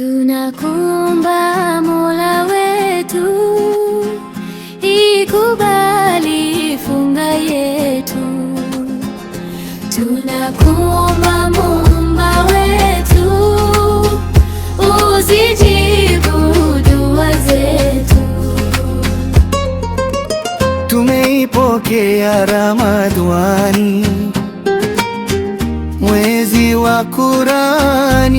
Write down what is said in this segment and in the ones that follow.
Tunakuomba Mola wetu, ikubali funga yetu. Tunakuomba mumba wetu, uzijibu dua zetu. Tumeipokea Ramadhani, mwezi wa Qurani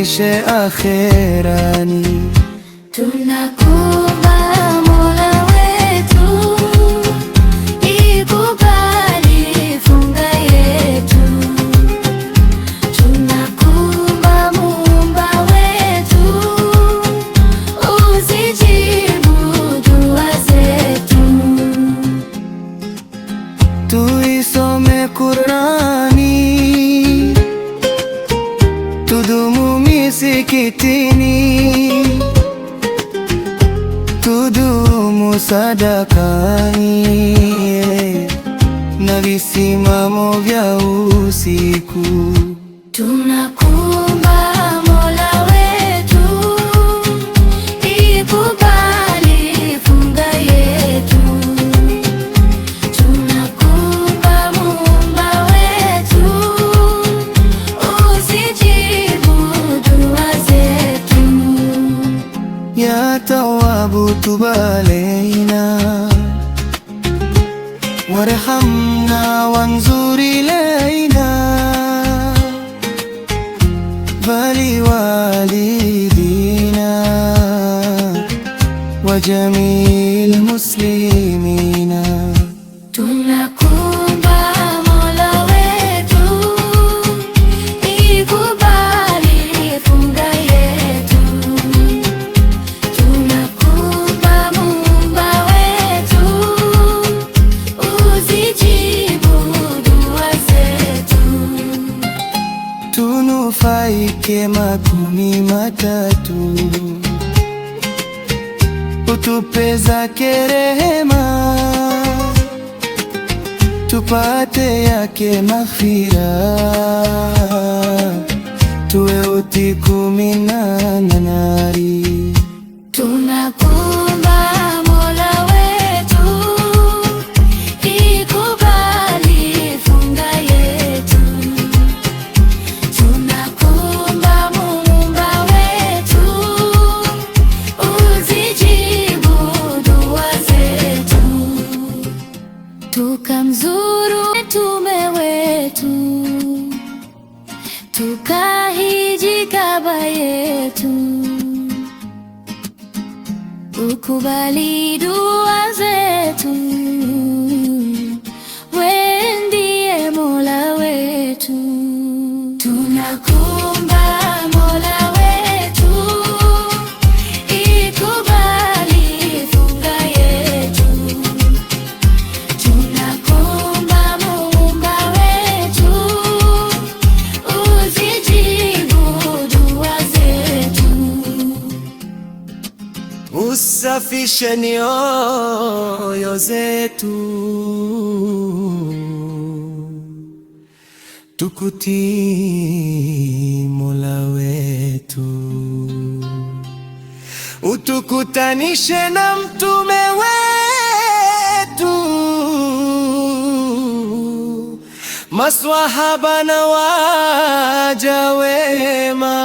tuishi akhirani tunaku sadakani na visimamo vya usiku tunaku وارحمنا وانظر إلينا فلوالدينا وجميع المسلمين ike makumi matatu, utupe zake rehema, tupate yake maghfira, tuwe uti kumi na nanari kaba yetu, ukubali dua zetu. Zisafishe nyoyo zetu, tukutii Mola wetu, utukutanishe na mtume wetu, maswahaba na waja wema.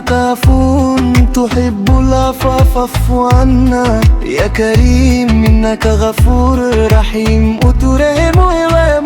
تعفون تحب العفاف فاعف عنا يا كريم إنك غفور رحيم وترحم ويوام